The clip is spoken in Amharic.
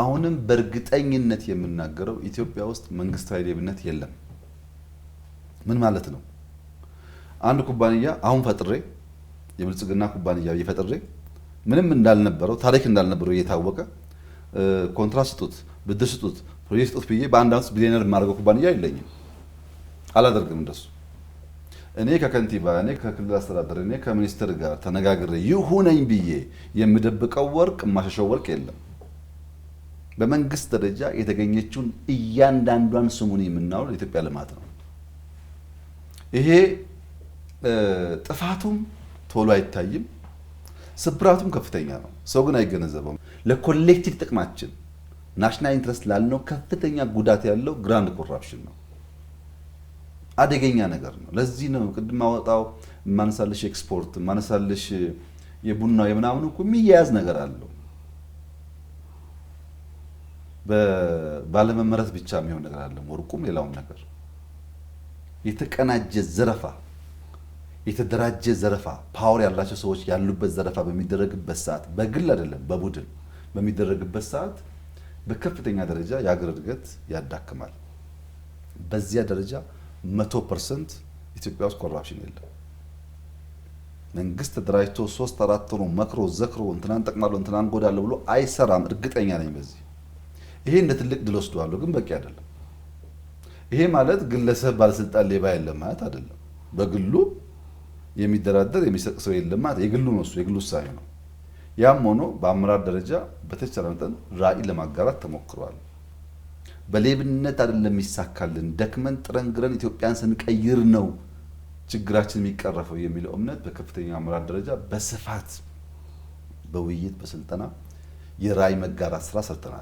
አሁንም በእርግጠኝነት የምናገረው ኢትዮጵያ ውስጥ መንግስታዊ ሌብነት የለም። ምን ማለት ነው? አንድ ኩባንያ አሁን ፈጥሬ የብልጽግና ኩባንያ እየፈጥሬ ምንም እንዳልነበረው ታሪክ እንዳልነበረው እየታወቀ ኮንትራት ስጡት፣ ብድር ስጡት፣ ፕሮጀክት ስጡት ብዬ በአንድ አመት ቢሊዮነር የማደርገው ኩባንያ የለኝም። አላደርግም እንደሱ። እኔ ከከንቲባ እኔ ከክልል አስተዳደር እኔ ከሚኒስትር ጋር ተነጋግሬ ይሁነኝ ብዬ የምደብቀው ወርቅ የማሸሸው ወርቅ የለም። በመንግስት ደረጃ የተገኘችውን እያንዳንዷን ስሙን የምናውል የኢትዮጵያ ልማት ነው። ይሄ ጥፋቱም ቶሎ አይታይም፣ ስብራቱም ከፍተኛ ነው። ሰው ግን አይገነዘበውም። ለኮሌክቲቭ ጥቅማችን ናሽናል ኢንትረስት ላልነው ከፍተኛ ጉዳት ያለው ግራንድ ኮራፕሽን ነው። አደገኛ ነገር ነው። ለዚህ ነው ቅድም ማወጣው ማነሳልሽ ኤክስፖርት ማነሳልሽ የቡናው የምናምኑ እኮ የሚያያዝ ነገር አለው። ባለመመረት ብቻ የሚሆን ነገር አለ። ወርቁም ሌላውም ነገር የተቀናጀ ዘረፋ፣ የተደራጀ ዘረፋ፣ ፓወር ያላቸው ሰዎች ያሉበት ዘረፋ በሚደረግበት ሰዓት በግል አይደለም በቡድን በሚደረግበት ሰዓት በከፍተኛ ደረጃ የሀገር እድገት ያዳክማል። በዚያ ደረጃ መቶ ፐርሰንት ኢትዮጵያ ውስጥ ኮራፕሽን የለም። መንግስት ተደራጅቶ ሶስት አራት ሆኖ መክሮ ዘክሮ እንትናን ጠቅማለሁ እንትናን ጎዳለሁ ብሎ አይሰራም። እርግጠኛ ነኝ በዚህ ይሄ እንደ ትልቅ ድል ወስደዋለሁ፣ ግን በቂ አይደለም። ይሄ ማለት ግለሰብ ባለስልጣን ሌባ የለም ማለት አይደለም። በግሉ የሚደራደር የሚሰቅ ሰው የለም ማለት የግሉ ነው፣ እሱ የግሉ ውሳኔ ነው። ያም ሆኖ በአመራር ደረጃ በተቻለ መጠን ራዕይ ለማጋራት ተሞክሯል። በሌብነት አይደለም የሚሳካልን፣ ደክመን ጥረን ግረን ኢትዮጵያን ስንቀይር ነው ችግራችን የሚቀረፈው የሚለው እምነት በከፍተኛ አመራር ደረጃ በስፋት በውይይት በስልጠና የራዕይ መጋራት ስራ ሰርተናል።